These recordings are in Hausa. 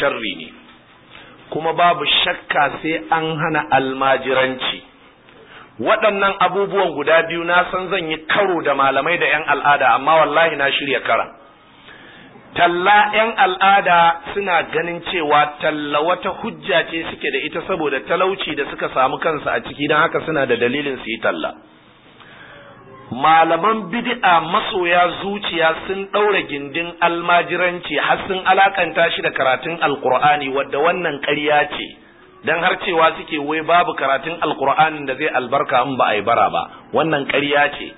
sharri ne kuma babu shakka sai an hana almajiranci waɗannan abubuwan guda biyu na san zan yi karo da malamai da 'yan al'ada amma wallahi na shirya kara talla 'yan al'ada suna ganin cewa talla wata hujja ce suke da ita saboda talauci da suka samu kansu a ciki don haka suna da dalilin su yi talla malaman bid'a masoya zuciya sun ɗaura gindin almajiranci har sun alakanta shi da karatun alkur'ani wadda wannan ƙarya ce dan har cewa suke wai babu karatun alkur'anin da zai albarka in ba a yi bara ba wannan ƙarya ce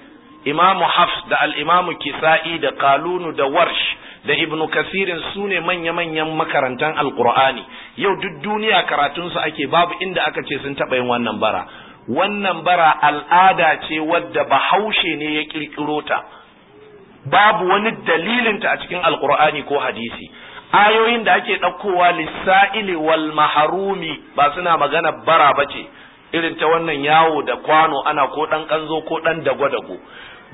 imamu hafs da al'imamu kisa'i da kalunu da warsh da ibnu kasirin su ne manya-manyan makarantan alkur'ani yau duk duniya karatunsu ake babu inda aka ce sun taɓa yin wannan bara wannan bara al'ada ce wadda bahaushe ne ya kirkiro ta babu wani dalilinta a cikin alkur'ani ko hadisi ayoyin da ake ɗaukowa lissa'ili wal maharumi ba suna magana bara ba ce irin ta wannan yawo da kwano ana ko ɗan ƙanzo ko ɗan dago-dago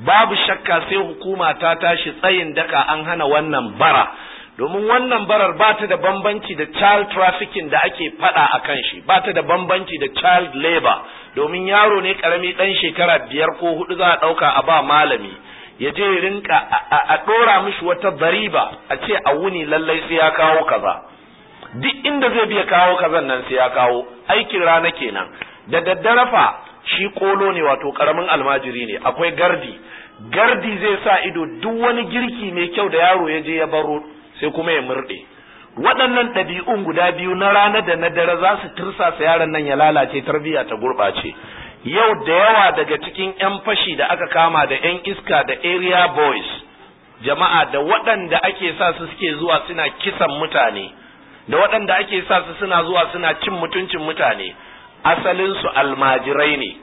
babu shakka sai hukuma ta tashi tsayin daka an hana wannan bara domin wannan barar ba ta da bambanci da child trafficking da ake fada a kan shi ba ta da bambanci da child labor domin yaro ne karami dan shekara biyar ko hudu za a dauka a ba malami ya je rinka a dora mishi wata bariba a ce a wuni lallai sai ya kawo kaza duk inda zai biya kawo kazan nan sai ya kawo aikin rana kenan da daddare fa shi kolo ne wato karamin almajiri ne akwai gardi gardi zai sa ido duk wani girki mai kyau da yaro ya je ya baro sai kuma ya murɗe waɗannan ɗabi'un guda biyu na rana da na dare za su tursasa yaron nan ya lalace tarbiyya ta gurɓace yau da yawa daga cikin 'yan fashi da aka kama da 'yan iska da area boys jama'a da waɗanda ake sa su suke zuwa suna kisan mutane da waɗanda ake sa su suna zuwa suna cin mutuncin mutane asalinsu almajirai ne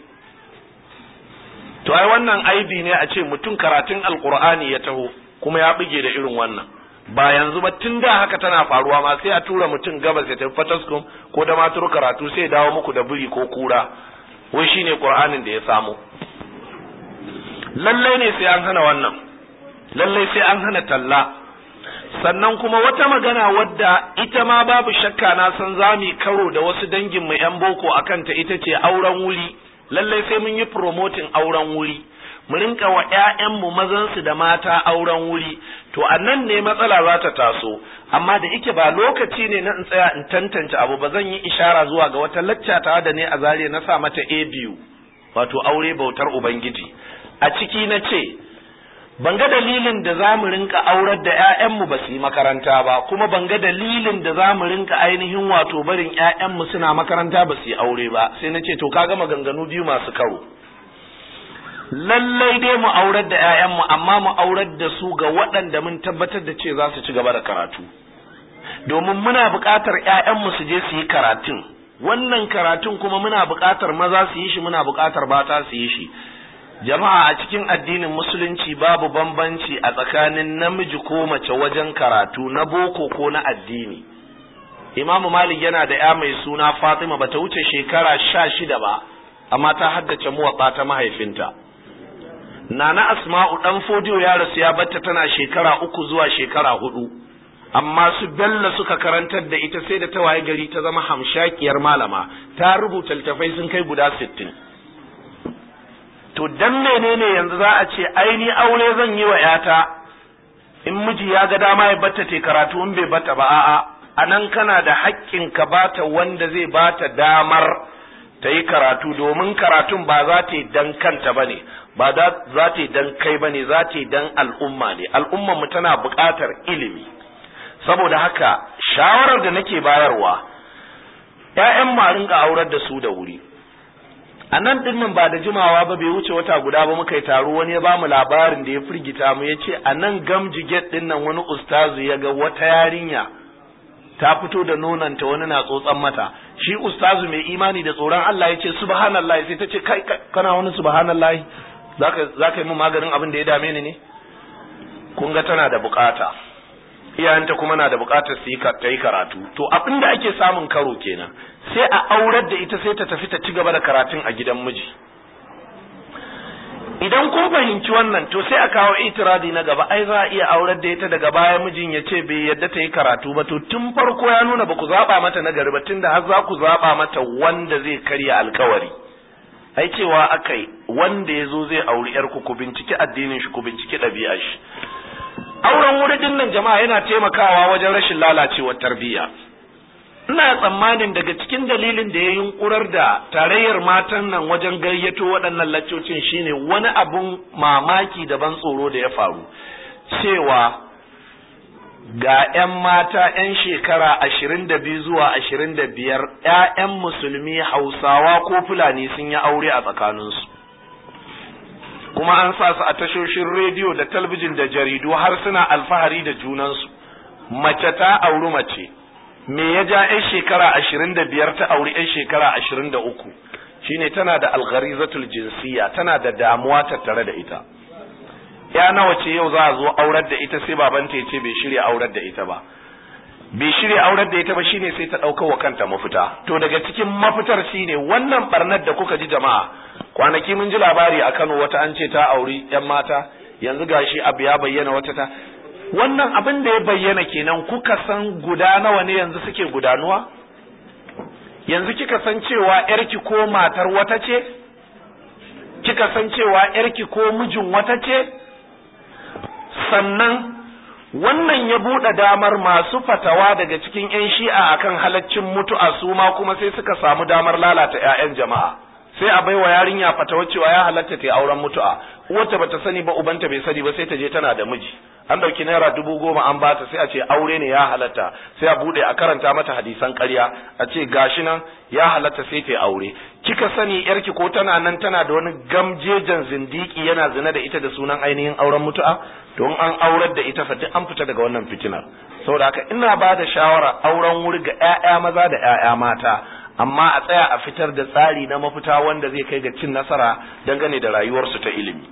to ai wannan aibi ne a ce mutum karatun alƙur'ani ya taho kuma ya buge da irin wannan ba yanzu ba tun da haka tana faruwa ma sai a tura mutum gabas ya tafi fataskum ko da matur karatu sai dawo muku da buri ko kura wai shine qur'anin da ya samu lallai ne sai an hana wannan lallai sai an hana talla sannan kuma wata magana wadda ita ma babu shakka na san zami karo da wasu dangin mu yan boko akan ta ita ce auren wuri lallai sai mun yi promoting auren wuri mu rinka wa ƴaƴanmu mazansu da mata auren wuri to a nan ne matsala za ta taso amma da ike ba lokaci ne na in tsaya in tantance abu ba zan yi ishara zuwa ga wata lacca ta da ne a zare na sa mata a biyu wato aure bautar ubangiji a ciki na ce ban ga dalilin da za mu rinka aurar da 'ya'yanmu ba su yi makaranta ba kuma ban ga dalilin da za mu rinka ainihin wato barin 'ya'yanmu suna makaranta ba su yi aure ba sai na ce to kaga ganganu biyu masu karo lallai dai mu aurar da 'ya'yanmu amma mu aurar da su ga waɗanda mun tabbatar da ce za su ci gaba da karatu domin muna buƙatar 'ya'yanmu su je su yi karatun wannan karatun kuma muna buƙatar maza su yi shi muna buƙatar mata su yi shi jama'a a cikin addinin musulunci babu bambanci a tsakanin namiji ko mace wajen karatu na boko ko na addini imamu malik yana da ya mai suna fatima bata wuce shekara sha shida ba amma ta haddace muwaɓa ta mahaifinta nana asma'u dan fodiyo ya rasu ya batta tana shekara uku zuwa shekara hudu amma su bella suka karantar da ita sai da ta waye gari ta zama hamshakiyar malama ta rubuta littafai sun kai guda sittin to dan menene yanzu za a ce ai aure zan yi wa yata in miji ya ga dama ya batta te karatu in bai batta ba a'a anan kana da haƙƙin ka bata wanda zai bata damar ta yi karatu domin karatun ba za ta yi dan kanta ba ne ba za ta yi dan kai ne za ta yi dan al'umma ne al'ummar mu tana buƙatar ilimi saboda haka shawarar da nake bayarwa ƴaƴan ma rinka aurar da su da wuri a nan din nan ba da jimawa ba bai wuce wata guda ba muka yi taro wani ya bamu labarin da ya firgita mu ya ce a nan gamji gate din nan wani ustazu ya ga wata yarinya ta fito da nonanta wani na tsotsan mata shi ustazu mai imani da tsoron Allah ya ce subhanallahi sai ta ce kai kana wani subhanallahi za ka yi min maganin abin da ya dame ni ne kun ga tana da bukata iyayenta kuma na da bukatar su ta yi karatu to abin da ake samun karo kenan sai a aurar da ita sai ta tafi ta ci gaba da karatun a gidan miji idan kun fahimci wannan to sai a kawo itiradi na gaba ai za a iya aurar da ita daga baya mijin ya ce bai yadda ta yi karatu ba to tun farko ya nuna ba ku zaɓa mata na gari ba tun da har za ku zaɓa mata wanda zai karya alkawari ai cewa akai wanda ya zo zai auri yar ku binciki addinin shi ku binciki ɗabi'ar shi auren wurin nan jama'a yana taimakawa wajen rashin lalacewar tarbiyya ina tsammanin daga cikin dalilin da ya yunkurar da tarayyar matan nan wajen gayyato waɗannan laccocin shine wani abun mamaki da ban tsoro da ya faru cewa ga 'yan mata 'yan shekara ashirin zuwa ashirin da 'ya'yan musulmi hausawa ko fulani sun yi aure a tsakaninsu kuma an sa su a tashoshin rediyo da talbijin da jaridu har suna alfahari da junansu mace ta auri mace me ya ja 'yan shekara ashirin ta auri 'yan shekara ashirin shine tana da algharizatul jinsiya tana da damuwa tattare da ita ya nawa ce yau za a zo aurar da ita sai baban ya ce bai shirya aurar da ita ba bai shirya aurar da ita ba shine sai ta ɗauka wa kanta mafita to daga cikin mafitar shine wannan barnar da kuka ji jama'a kwanaki mun ji labari a Kano wata an ce ta auri yan mata yanzu gashi abu ya bayyana wata ta wannan abin da ya bayyana kenan kuka san guda nawa ne yanzu suke gudanuwa yanzu kika san cewa yarki ko matar wata ce kika san cewa yarki ko mijin wata ce sannan wannan ya buɗe damar masu fatawa daga cikin 'yan shi'a akan halaccin mutu'a su ma kuma sai suka samu damar lalata 'ya'yan jama'a sai a baiwa yarinya fatawa cewa ya halatta ta auren mutu'a uwarta bata sani ba ubanta bai sani ba sai ta je tana da miji an dauki naira dubu goma an bata sai a ce aure ne ya halatta sai a buɗe a karanta mata hadisan ƙarya a ce gashi nan ya halatta sai ta aure kika sani yarki ko tana nan tana da wani gamjejen zindiki yana zina da ita da sunan ainihin auren mutu'a don an aurar da ita fati an fita daga wannan fitinar saboda haka ina ba da shawara auren wuri ga 'ya'ya maza da 'ya'ya mata amma a tsaya a fitar da tsari na mafita wanda zai kai ga cin nasara dangane da rayuwarsu ta ilimi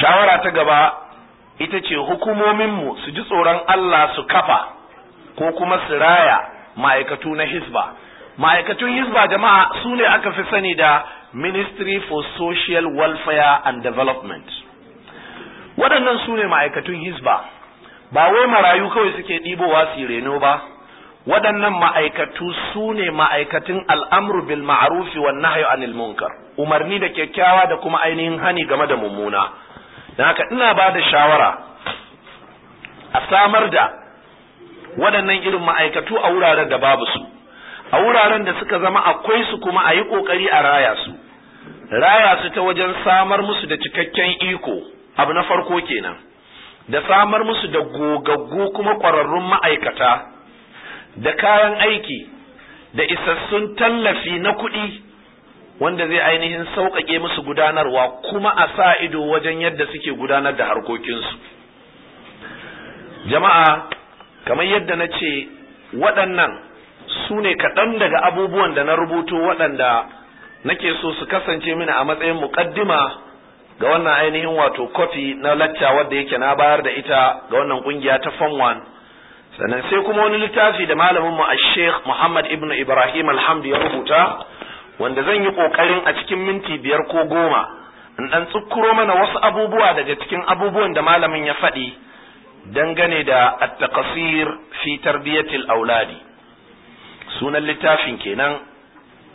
shawara ta gaba ita ce hukumominmu su ji tsoron Allah su kafa ko kuma su raya ma'aikatu na hisba ma'aikatun hizba jama'a su ne aka fi sani da ministry for social welfare and development waɗannan su ne ma'aikatun hizba ba wai marayu kawai suke ɗibowa su reno ba waɗannan ma'aikatu su ne ma'aikatun al'amru bil ma'arufi wa nahyu anil munkar umarni da kyakkyawa da kuma ainihin hani game da mummuna don haka ina ba da shawara a samar da waɗannan irin ma'aikatu a wuraren da babu su a wuraren da suka zama akwai su kuma a yi ƙoƙari a raya su raya su ta wajen samar musu da cikakken iko abu na farko kenan da samar musu da gogaggu kuma ƙwararrun ma'aikata da kayan aiki da isassun tallafi na kuɗi wanda zai ainihin sauƙaƙe musu gudanarwa kuma a sa ido wajen yadda suke gudanar da harkokinsu jama'a kamar yadda na ce waɗannan su ne kaɗan daga abubuwan da na rubuto waɗanda nake so su kasance mini a matsayin muƙaddima ga wannan ainihin wato kofi na lacca wadda yake na bayar da ita ga wannan ƙungiya ta form wan. sannan sai kuma wani littafi da malamin mu a sheikh muhammad ibn ibrahim alhamdu ya rubuta wanda zan yi ƙoƙarin a cikin minti biyar ko goma in ɗan tsukuro mana wasu abubuwa daga cikin abubuwan da malamin ya faɗi dangane da at fi tarbiyatil auladi sunan littafin kenan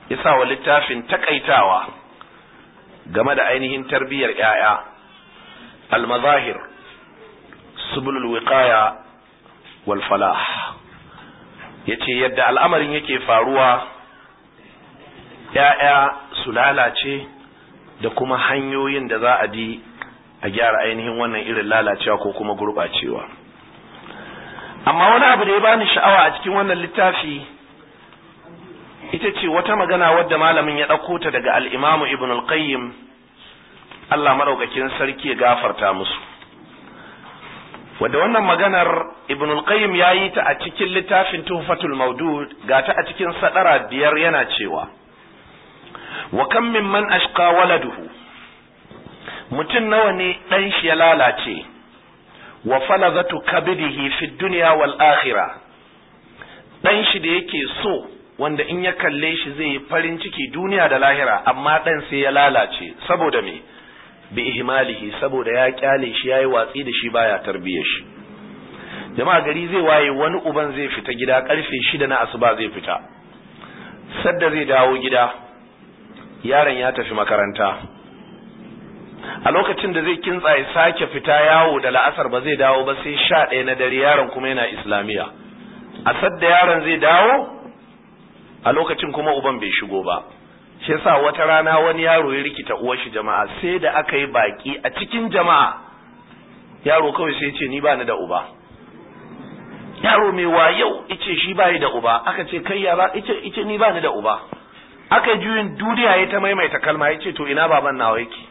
yasa wa littafin takaitawa game da ainihin tarbiyyar yaya almazahir subulul wiqaya wal falah yace yadda al'amarin yake faruwa yaya su lalace da kuma hanyoyin da za a bi a gyara ainihin wannan irin lalacewa ko kuma gurbacewa amma wani abu da ya bani sha'awa a cikin wannan littafi ita ce wata magana wadda malamin ya ɗauko ta daga al'imamu ibn al-qayyim Allah maɗaukakin sarki ya gafarta musu wadda wannan maganar ibn al-qayyim ya yi ta a cikin littafin tuhfatul maudud ga ta a cikin sadara biyar yana cewa wa kan min man ashqa waladuhu mutum nawa ne ɗan shi ya lalace wa falazatu kabidihi fi dunya wal akhirah ɗan shi da yake so wanda in ya kalle shi zai yi farin ciki duniya da lahira amma dan sai ya lalace saboda me bi ihmalihi saboda ya kyale shi yayi watsi da shi baya tarbiyya shi jama'a gari zai waye wani uban zai fita gida karfe shida na asuba zai fita sadda zai dawo gida yaron ya tafi makaranta a lokacin da zai kintsa ya sake fita yawo da la'asar ba zai dawo ba sai sha ɗaya na dare yaron kuma yana islamiyya a sadda yaron zai dawo a lokacin kuma uban bai shigo ba shi yasa wata rana wani yaro ya rikita uwar shi jama'a sai da aka yi baki a cikin jama'a yaro kawai sai ce ni ba ni da uba yaro mai wayau ice shi ni da uba aka ce kai yara ice ice ni ba ni da uba aka juyin duniya ya ta maimaita kalma ya ce to ina baban nawa yake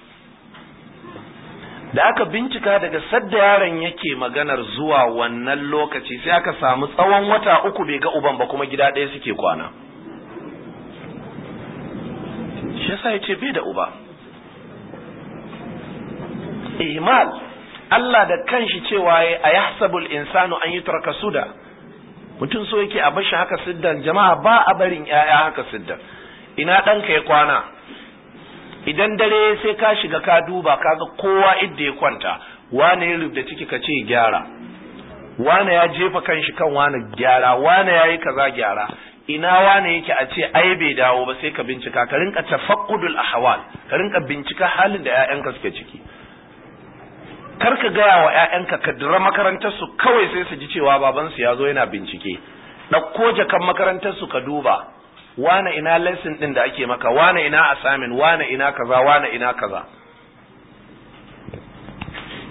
da aka bincika daga sadda yaron yake maganar zuwa wannan lokaci sai aka samu tsawon wata uku bai ga uban ba kuma gida ɗaya suke kwana shi yasa ce bai da uba ihmal eh, Allah da kanshi cewa ya yahsabul insanu an yi yutraka suda mutum so yake a bashi haka siddan jama'a ba a barin yaya haka siddan ina ɗanka ya kwana idan dare sai ka shiga ka duba kaga kowa idda ya kwanta wane ya rubda ciki ka ce gyara wane ya jefa kanshi kan wane gyara wane ya yi kaza gyara ina wane yake a ce ai bai dawo ba sai ka bincika ka rinka tafaqqudul ahwal ka rinka bincika halin da ƴaƴanka suke ciki kar ka gaya wa ƴaƴanka ka dira makarantar su kawai sai su ji cewa baban su zo yana bincike ɗauko jakan makarantar su ka duba wane ina lesson din da ake maka wane ina assignment wane ina kaza wane ina kaza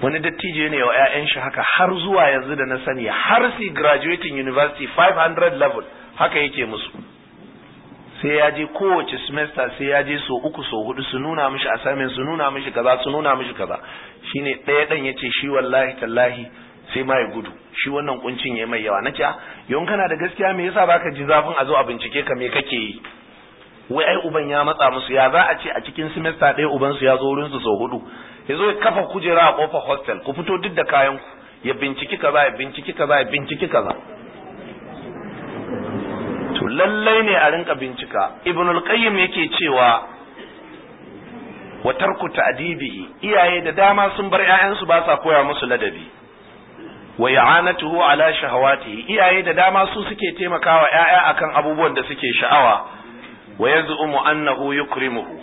wani dattijo ne wa 'ya'yan shi haka har zuwa yanzu da na sani har si graduating university 500 level haka yake musu sai ya je kowace semester sai ya je so uku so hudu su nuna mishi assignment su nuna mishi kaza su nuna mishi kaza shine ɗaya ɗan yace shi wallahi tallahi sai ma ya gudu shi wannan kuncin ya mai yawa nace ah, yon kana da gaskiya me yasa baka ji zafin a zo a bincike ka me kake yi wai ai uban ya matsa musu ya za a ce a cikin semester ɗaya uban su ya zo wurin su so hudu ya zo ya kafa kujera a kofar hostel ku fito duk da kayan ku ya binciki kaza ya binciki kaza ya binciki kaza lallai ne a rinka bincika ibn al-qayyim yake cewa wa tarku ta'dibihi iyaye da dama sun bar ƴaƴansu ba sa koya musu ladabi wa i'anatuhu ala shahawatihi iyaye da dama su suke taimakawa ƴaƴa akan abubuwan da suke sha'awa wa yaz'umu annahu yukrimuhu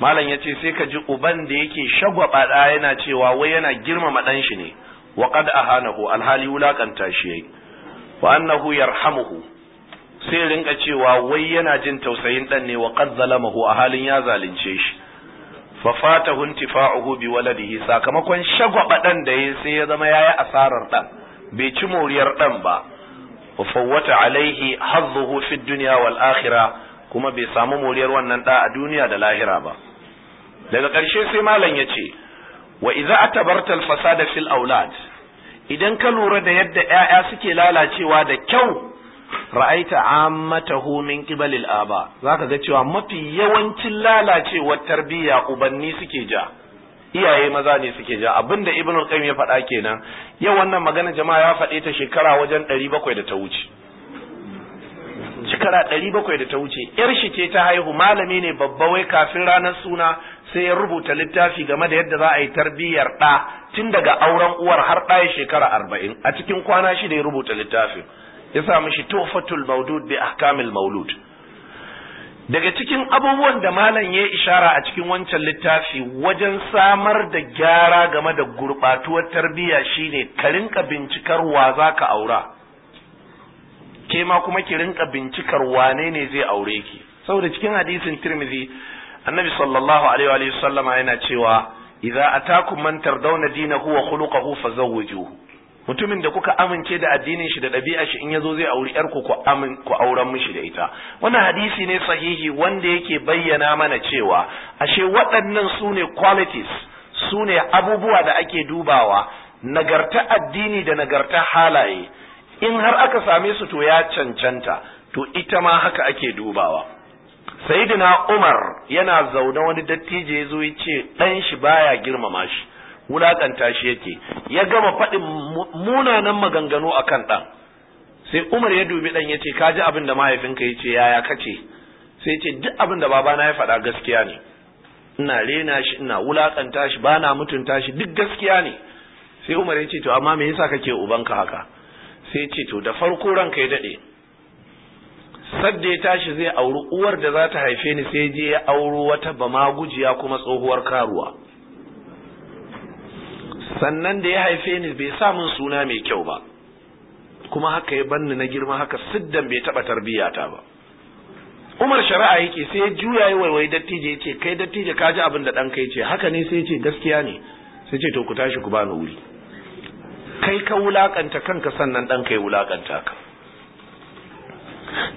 malam yace sai ka ji uban da yake shagwaba da yana cewa wai yana girmama dan shi ne wa qad ahanahu alhali wulakanta shi wa annahu yarhamuhu sai rinka cewa wai yana jin tausayin dan ne wa qad zalamahu a halin ya zalunce shi fa fatahu intifa'uhu bi waladihi sakamakon shagwaba dan da yayi sai ya zama yayi asarar dan bai ci moriyar dan ba wa fawwata alaihi hadduhu fi dunya wal akhirah kuma bai samu moriyar wannan da a duniya da lahira ba daga ƙarshe sai malam ya ce wa idza atabarta al fasada fil aulad idan ka lura da yadda 'ya'ya suke lalacewa da kyau ra'aita ammatahu min qibal al-aba zaka ga cewa mafi yawancin lalacewar tarbiyya ubanni suke ja iyaye maza ne suke ja abinda ibn al-qayyim ya faɗa kenan yau wannan magana jama'a ya faɗe ta shekara wajen 700 da ta wuce shekara 700 da ta wuce yar shi ce ta haihu malami ne babba wai kafin ranar suna sai ya rubuta littafi game da yadda za a yi tarbiyyar ɗa tun daga auren uwar har ɗaya shekara arba'in a cikin kwana shida ya rubuta littafin ya sa mishi tofatul maudud bi ahkamil maulud daga cikin abubuwan da malam ya ishara a cikin wancan littafi wajen samar da gyara game da gurbatuwar tarbiyya shine ka rinka bincikar wa za ka aura ke ma kuma ki rinka bincikar wane ne zai aure ki saboda cikin hadisin tirmidhi annabi sallallahu alaihi wa sallama yana cewa idza atakum man tardawna dinahu wa khuluquhu fazawwijuhu mutumin da kuka amince da addinin shi da ɗabi'a shi in yazo zai auri yar ku ku auren mishi da ita wannan hadisi ne sahihi wanda yake bayyana mana cewa ashe waɗannan sune ne qualities su abubuwa da ake dubawa nagarta addini da nagarta halaye in har aka same su to ya cancanta to ita ma haka ake dubawa sayyidina umar yana zaune wani dattijo ya zo ya ce ɗan shi baya girmama shi wulakanta shi yake ya gama faɗin munanan maganganu a kan ɗan sai umar ya dubi ɗan ya ce ka ji abin da mahaifinka ya ce yaya kace sai ce duk abin da babana ya faɗa gaskiya ne ina rena shi ina wulakanta shi bana mutunta shi duk gaskiya ne sai umar ya ce to amma me yasa kake ubanka haka sai ce to da farko ranka ya daɗe. sadda ya tashi zai auri uwar da za ta haife ni sai je ya auro wata bama gujiya kuma tsohuwar karuwa sannan da ya haife ni bai sa min suna mai kyau ba kuma haka ya banni na girma haka siddan bai taba tarbiyata ba umar shari'a yake sai ya juya ya waiwai dattijo ya ce kai dattijo ka ji abin da dan kai ce haka ne sai ya ce gaskiya ne sai ce to ku tashi ku bani wuri kai ka wulakanta kanka sannan dan kai wulakanta ka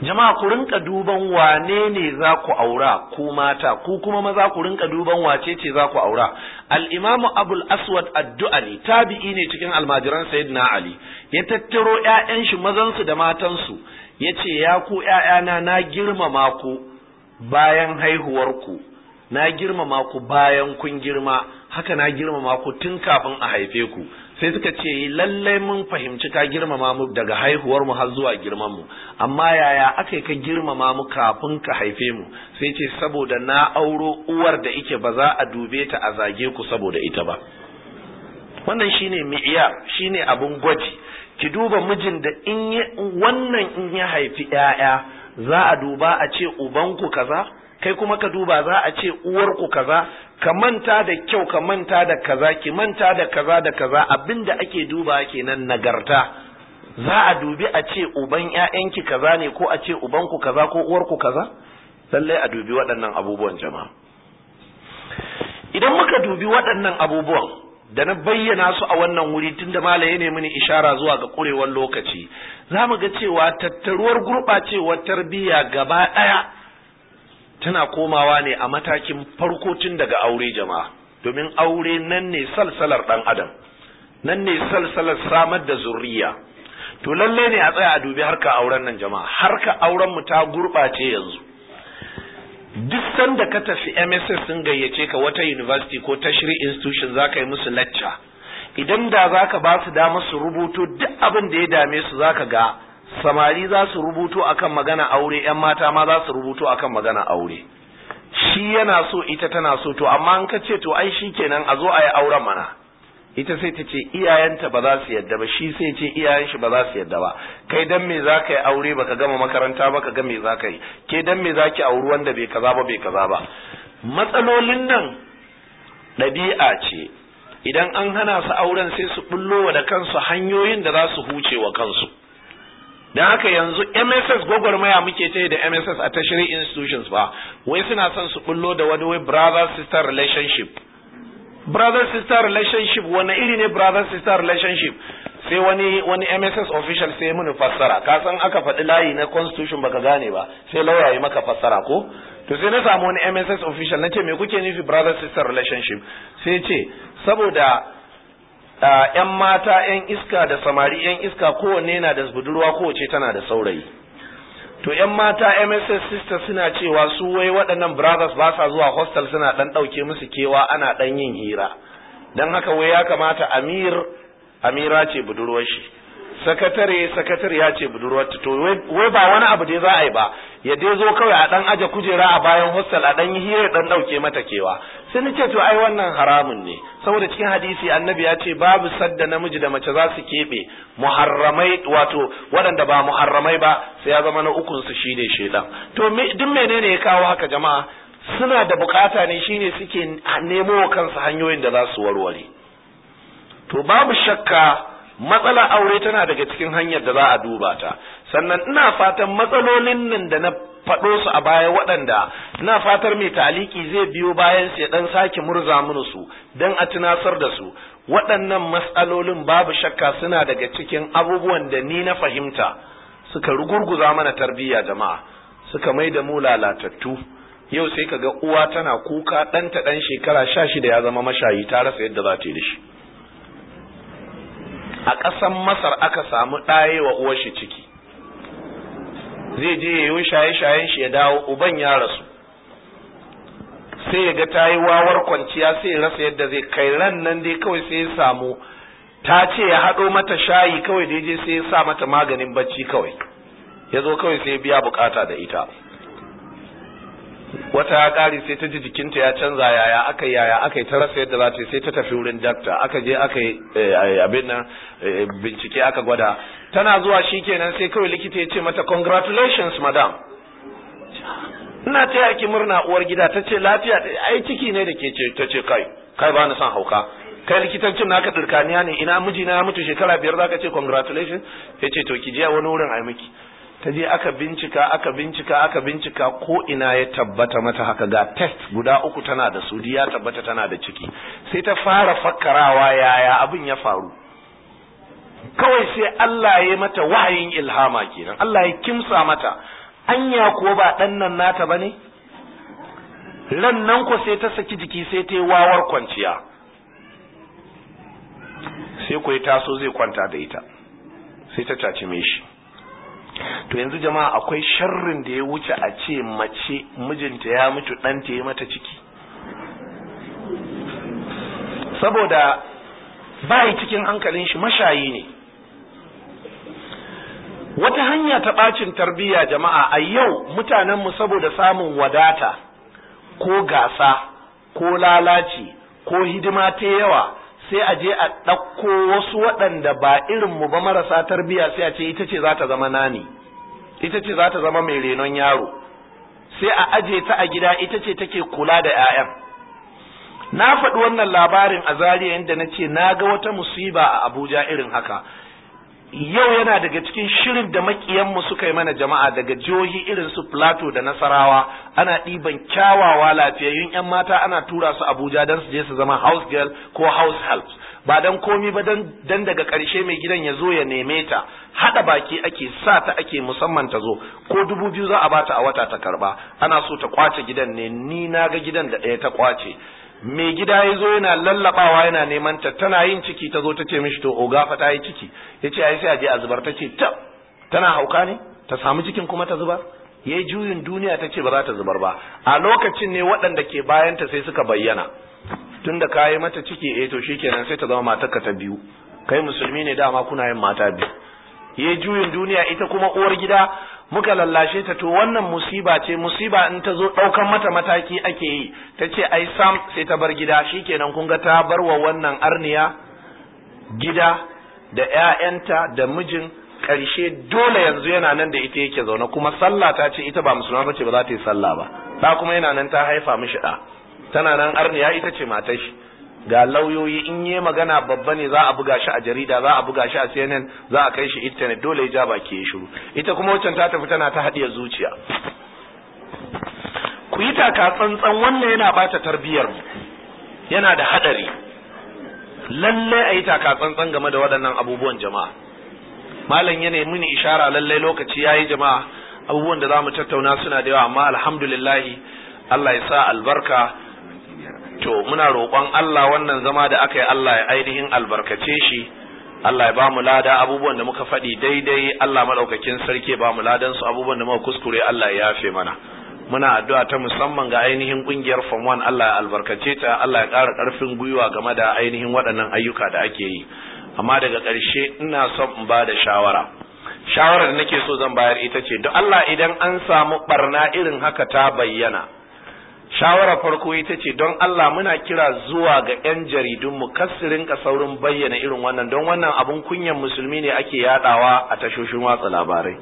jama'a ku rinka duban wane ne za ku aura ku mata ku kuma maza ku rinka duban wace ce za ku aura al-imamu abul aswad ad-du'ali tabi'i ne cikin almajiran sayyidina ali ya tattaro ƴaƴan shi mazan su da matan su yace ya ku ƴaƴana na girmama ku bayan haihuwar ku na girmama ku bayan kun girma haka na girmama ku tun kafin a haife ku sai suka ce lallai mun fahimci ka girmama mu daga haihuwar mu har zuwa girman mu amma yaya aka ka girmama mu kafin ka haife mu sai ce saboda na auro uwar da ike ba za a dube ta a zage ku saboda ita ba wannan shine mi'iyar shine abun gwaji ki duba mijin da in wannan in ya haifi 'ya'ya za a duba a ce ubanku kaza kai kuma ka duba za a ce uwarku kaza ka manta da kyau ka manta da kaza ki manta da kaza da kaza abinda ake duba kenan nagarta za a dubi a ce uban ƴaƴanki kaza ne ko a ce ubanku kaza ko uwarku kaza lallai a dubi waɗannan abubuwan jama'a idan muka dubi waɗannan abubuwan da na bayyana su a wannan wuri tunda mala ya nemi ishara zuwa ga kurewar lokaci za mu ga cewa tattaruwar gurɓacewar tarbiyya gaba ɗaya tana komawa ne a matakin farko tun daga aure jama'a domin aure nan ne salsalar dan adam nan ne salsalar samar da zurriya to lalle ne a tsaya a dubi harka auren nan jama'a harka auren mu ta gurbace yanzu duk sanda ka tafi MSS sun gayyace ka wata university ko shiri institution zaka yi musu lecture idan da zaka ba su dama su rubuto duk abin da ya dame su zaka ga samari za su rubuto akan magana aure yan mata ma za su rubuto akan magana aure shi yana so ita tana so to amma an ka ce to ai shikenan a zo a yi auren mana ita sai ta ce iyayenta ba za su yadda ba shi sai ce iyayen shi ba za su yadda ba kai dan me za ka yi aure ba ka gama makaranta ba ka ga me za ka yi ke dan me za ki auri wanda bai kaza ba bai kaza ba matsalolin nan ɗabi'a ce idan an hana su auren sai su bullo da kansu hanyoyin da za su huce wa kansu don haka yanzu mss gwagwarmaya muke ta da mss a tertiary institutions ba wai suna son su bullo da wani wai brother sister relationship brother sister relationship wani iri ne brother sister relationship sai wani wani mss official sai mini fassara ka san aka faɗi layi na constitution baka gane ba sai lauya yi maka fassara ko to sai na samu wani mss official na ce me kuke nufi brother sister relationship sai ce saboda 'yan mata 'yan iska da samari 'yan iska kowanne na da budurwa kowace tana da saurayi to 'yan mata mss sister suna cewa su wai waɗannan brothers ba sa zuwa hostel suna ɗan ɗauke musu kewa ana ɗan yin hira don haka wai ya kamata amir amira ce budurwar shi sakatare sakatare ya ce budurwarta to wai ba wani abu da za a yi ba ya dai zo kawai a dan aje kujera a bayan hostel a dan yi hira dan dauke mata kewa sai ni ce to ai wannan haramun ne saboda cikin hadisi annabi ya ce babu sadda namiji da mace za su kebe muharramai wato waɗanda ba muharramai ba sai ya zama na ukun su shine shedan to duk menene ya kawo haka jama'a suna da bukata ne shine suke nemo kansu hanyoyin da za su warware to babu shakka matsala aure tana daga cikin hanyar da za a duba ta sannan ina fatan matsalolin nan da na faɗo su a baya waɗanda ina fatar mai taliki zai biyo bayan sai dan sake murza mun su dan a tunasar da su waɗannan matsalolin babu shakka suna daga cikin abubuwan da ni na fahimta suka rugurguza mana tarbiyya jama'a suka mai da mu lalatattu yau sai kaga uwa tana kuka ɗanta ɗan shekara sha shida ya zama mashayi ta rasa yadda za ta yi da shi a ƙasan masar aka samu ɗaye wa uwar shi ciki zai je yayi shaye-shayen shi ya dawo uban ya rasu sai ya ga ta yi wawar kwanciya sai ya rasa yadda zai kai ran nan dai kawai sai ya samu ta ce ya haɗo mata shayi kawai da ya je sai ya sa mata maganin bacci kawai ya zo kawai sai ya biya bukata da ita wata ya kare sai ta ji jikinta ya canza yaya aka yaya aka ta rasa yadda za ta yi sai ta tafi wurin dakta aka je aka yi eh, abin nan eh, bincike aka gwada tana zuwa shi kenan sai kawai likita ya ce mata congratulations madam ina taya ki murna uwar gida ta ce lafiya ai ciki ne da ke ce ta ce kai kai ba ni son hauka kai likitancin naka dirkaniya ne ina mijina ya mutu shekara biyar za ka ce congratulations ya ce to ki je wani wurin yi miki ta je aka bincika aka bincika aka bincika ko ina ya tabbata mata haka ga test guda uku tana da su ya tabbata tana da ciki sai ta fara fakkarawa yaya abin ya faru kawai sai Allah ya mata wahayin ilhama kenan Allah ya kimsa mata anya ko ba dan nan nata bane ran nan ko sai ta saki jiki sai ta yi wawar kwanciya sai ku yi taso zai kwanta da ita sai ta tace mai shi to yanzu jama'a akwai sharrin da ya wuce a ce mace mijinta ya mutu dan ta yi mata ciki saboda bayi cikin hankalin shi mashayi ne wata hanya ta ɓacin tarbiyya jama'a a yau mutanenmu saboda samun wadata ko gasa ko lalaci ko hidima ta yawa sai a je a ɗauko wasu waɗanda ba irin mu ba marasa tarbiyya sai a ce ita ce za ta zama nani ita ce za ta zama mai renon yaro sai a aje ta a gida ita ce take kula da 'ya'yan na faɗi wannan labarin a zariya inda na ce na ga wata musiba a abuja irin haka yau yana daga cikin shirin da makiyanmu suka yi mana jama'a daga jihohi irin su plateau da nasarawa ana ɗiban kyawawa lafiyayyun 'yan mata ana tura su abuja don su je su zama house girl ko house help ba dan komi ba dan daga ƙarshe mai gidan ya zo ya neme ta haɗa baki ake sa ta ake musamman ta zo ko dubu biyu za a bata a wata ta karba ana so ta kwace gidan ne ni na ga gidan da ɗaya ta kwace mai gida ya zo yana lallabawa yana neman ta tana yin ciki ta zo ta ce mishi to oga ta yi ciki ya ce ai sai a je a zubar ta ce ta tana hauka ne ta samu cikin kuma ta zubar ya juyin duniya ta ce ba za ta zubar ba a lokacin ne waɗanda ke bayanta sai suka bayyana tunda ka yi mata ciki eh to shikenan sai ta zama matarka ta biyu kai musulmi ne dama kuna yin mata biyu Ye juyin duniya ita kuma uwar gida muka lallashe ta to wannan musiba ce musiba in ta zo ɗaukan mata mataki ake yi ta ce ai sam sai ta bar gida shikenan kun ga ta bar wa wannan arniya gida da 'ya'yanta da mijin ƙarshe dole yanzu yana nan da ita yake zaune kuma sallah ta ce ita ba musulma bace ba za ta yi sallah ba ta kuma yana nan ta haifa mishi ɗa tana nan arniya ita ce matar shi ga lauyoyi in yi magana babba ne za a buga shi a jarida za a buga shi a CNN za a kai shi internet dole ya ja baki ya shiru ita kuma waccan ta tafi tana ta haɗiya zuciya ku yi taka tsantsan wannan yana bata tarbiyyar mu yana da hadari lalle a yi taka tsantsan game da waɗannan abubuwan jama'a malam yana yi ni ishara lalle lokaci ya yi jama'a abubuwan da za mu tattauna suna da yawa amma alhamdulillahi Allah ya sa albarka to muna roƙon Allah wannan zama da aka yi Allah ya ainihin albarkace shi Allah ya ba mu lada abubuwan da muka faɗi daidai Allah maɗaukakin sarki ba mu ladan su abubuwan da muka kuskure Allah ya yafe mana muna addu'a ta musamman ga ainihin ƙungiyar Form 1 Allah ya albarkace ta Allah ya ƙara ƙarfin gwiwa game da ainihin waɗannan ayyuka da ake yi amma daga ƙarshe ina son in ba da shawara shawarar da nake so zan bayar ita ce don Allah idan an samu ɓarna irin haka ta bayyana shawara farko ita ce don Allah muna kira zuwa ga 'yan jaridunmu kasirin ka saurin bayyana irin wannan don wannan abun kunyan musulmi ne ake yadawa a tashoshin watsa labarai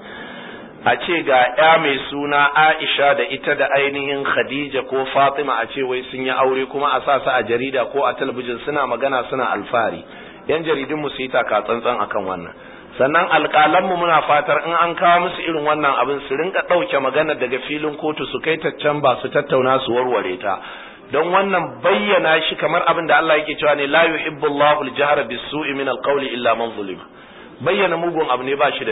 a ce ga 'ya mai suna Aisha da ita da ainihin Khadija ko Fatima a ce wai sun yi aure kuma a sa su a jarida ko a talabijin suna magana suna alfahari 'yan jaridunmu su yi taka tsantsan akan wannan sannan alƙalanmu muna fatar in an kawo musu irin wannan abin su rinka ɗauke magana daga filin kotu su kai taccan ba su tattauna su warware ta don wannan bayyana shi kamar abin da Allah yake cewa ne la yuhibbu Allahu al-jahra bis-su'i min al-qawli illa man zulima bayyana mugun abu ne ba shi da